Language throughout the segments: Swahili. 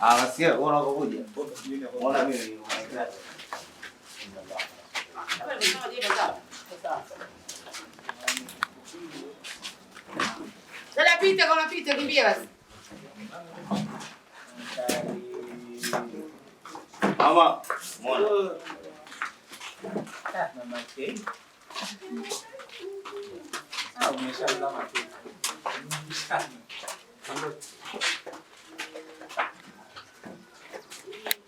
Ah, napita kwa napita, kimbia basi. Mama, mbona? Ah,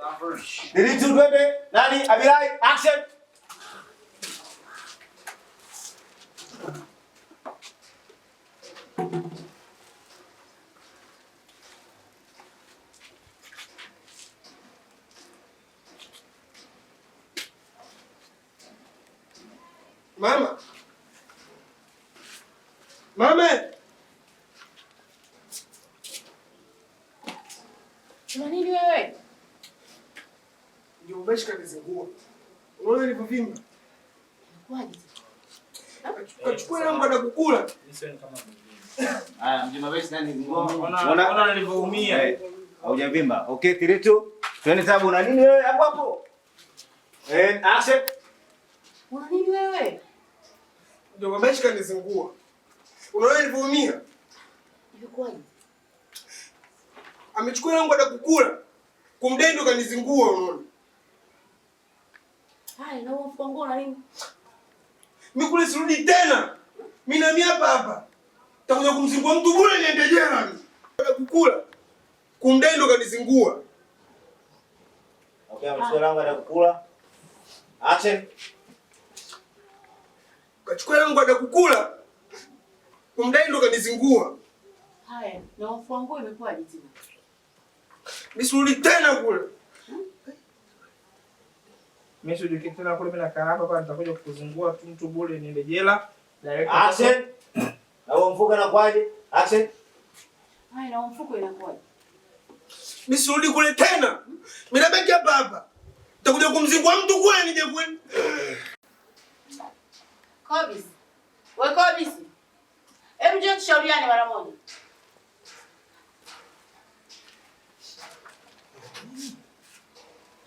Delete baby, Nani? Abirai, action. Mama. Mama. mvinga. Kachukua yangu atakukula. Haya, Unaona nilivyoumia. Eh, haujavimba. Okay, Tiretu. Twende tabu na nini wewe hapo hapo? Eh, Ashe. Una nini wewe? Ndio mameshi kanizingua. Unaona nilivyoumia. Ilikuwaje? Amechukua yangu atakukula. Kumdendo kanizingua unaona. Haya, na mfua nguo na nini? Mimi kule sirudi tena. Mimi na mimi hapa hapa. Nitakuja kumzingua mtu kule niende jela mimi. Nataka kukula. Kumdai ndo kanizingua. Okay, msio langu ada kukula. Action. Kachukua langu ada kukula. Kumdai ndo kanizingua. Haya, na mfua nguo imekuwa aje Mimi sirudi tena kule. Mimi tena kule mimi nakaa hapa kwa nitakuja kukuzungua tu mtu bure niende jela. Direct action. Na huo mfuko inakwaje? Action. Hai na mfuko inakwaje? Mimi sirudi kule tena. Mimi nabaki hapa hapa. Nitakuja kumzingua mtu kwa nije kwenu. Kobisi. Wewe Kobisi. Hebu njoo tushauriane mara moja.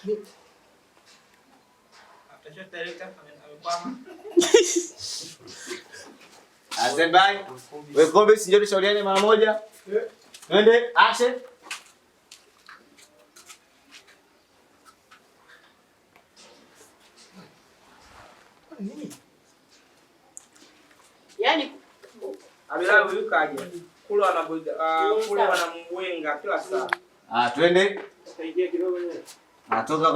Mm. Wekombe sijui tushauriane mara moja. Twende action. Yaani Abilal huyu kaje? Kule wanamwenga kila saa. Ah, twende. Saidia kidogo. Natoka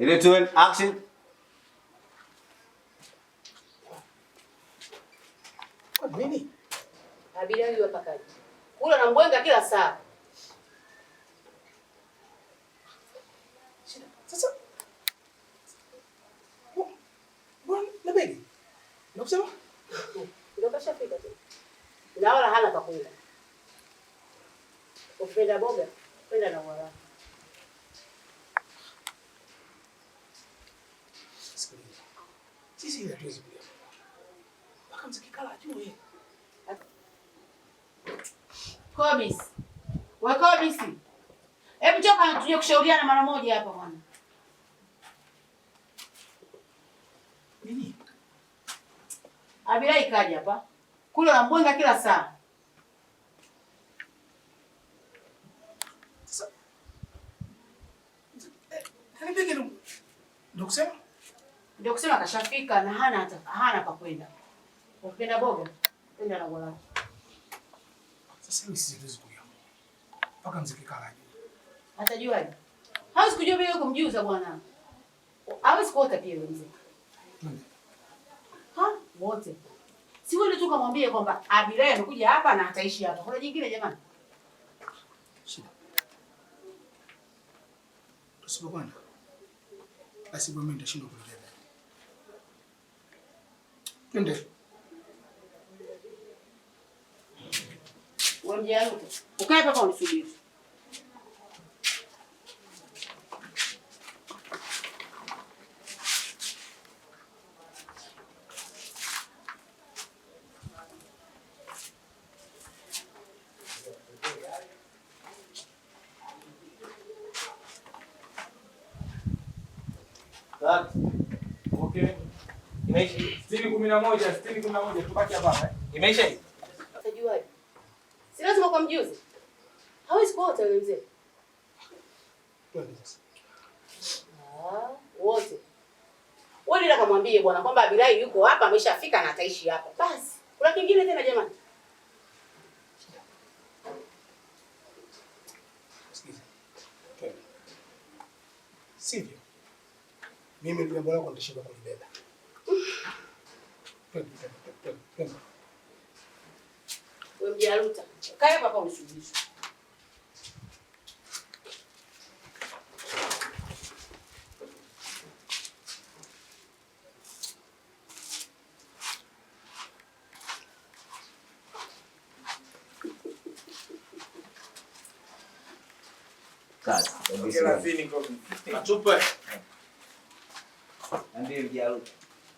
Ritual action. Nini? Abiria yule pakaji. Kula na mbwenga kila saa. Sasa. Oh, bwana, na begi. Nakusema? Ndio kashafika tu. Na wala hana pakula. Ufenda boga, kwenda na wala. hatuwezi kuja mpaka mzikikala ajue. Kobisi we Kobisi, hebu toka tuje kushauriana mara moja hapa bwana. Nini Abila ikaja hapa kule nambwenga kila saa Sa... Ndio kusema kashafika na hana hata hana pa kwenda. Ukipenda boga, enda na gola. Sasa mimi sisi tuwezi kujua. Paka mziki kala juu. Atajuaje? Hawezi kujua bila kumjuza bwana. Hawezi kuota pia yule mzee. Ha? Wote. Si wewe tu kamwambie kwamba Abirai amekuja hapa na ataishi hapa. Kuna jingine jamani? Sio. Tusipo bwana. Basi bwana mimi nitashindwa kuelewa. Gönder. Ukae mpaka unisubiri. Okay. Imagine. sitini kumi na moja sitini kumi na moja tubaki hapa eh? Imeisha hii. Utajuaje? Si lazima kwa mjuzi. Hawezi kuota yule mzee. Twende Ah, wote. Wewe ndio kamwambie bwana kwamba abirai yuko hapa ameshafika na ataishi hapa. Basi. Kuna kingine tena jamani? Sivyo. Mimi ndio jambo lako nitashinda kulibeba. Wewe mjaruta. Kaa hapa kwa msugulisho. Kazi. Ndio mjaruta.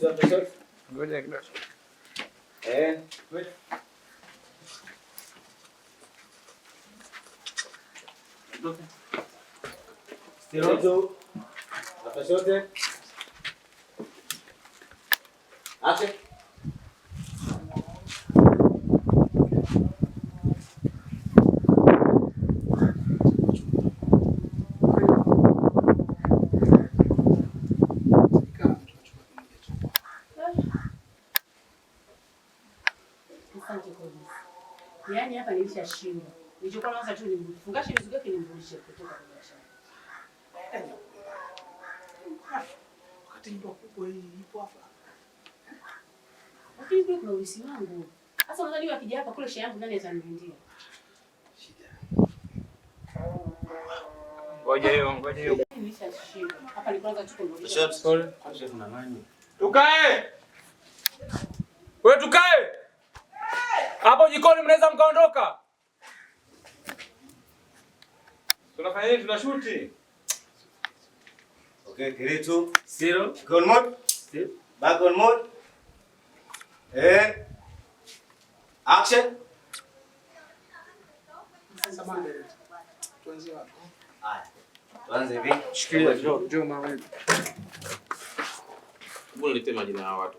Is that good? Good, Agnes. Eh? Good. Stirozo. Afashote. Action. yaani hapa nilishashindwa. Nilichokuwa nawaza tu nimfungashe mizigo yake nimrudishe kutoka kwa biashara. Wakati ndio kubwa hii ipo hapa. Lakini ndio kuna urisi wangu. Sasa unadhani wewe akija hapa kule shehe yangu nani atanirundia? Shida. Ngoja hiyo, ngoja hiyo. Nilishashindwa. Hapa nilikuwa naanza tu kumrudisha. Tukae. Wewe tukae hapo jikoni mnaweza mkaondoka. Tunafanya nini? Tunashuti. Okay, Kiritu. Zero. Gun mode. Zero. Back on mode. Eh. Action. Tuanze wapi? hivi. Shikilia Joe, Joe mawe. Mbona nitemajina ya watu?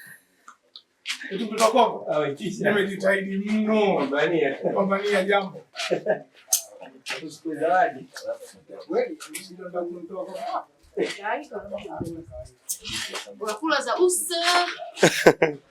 Kutoka kwako nimejitahidi mno kupambania jambo unakula za usa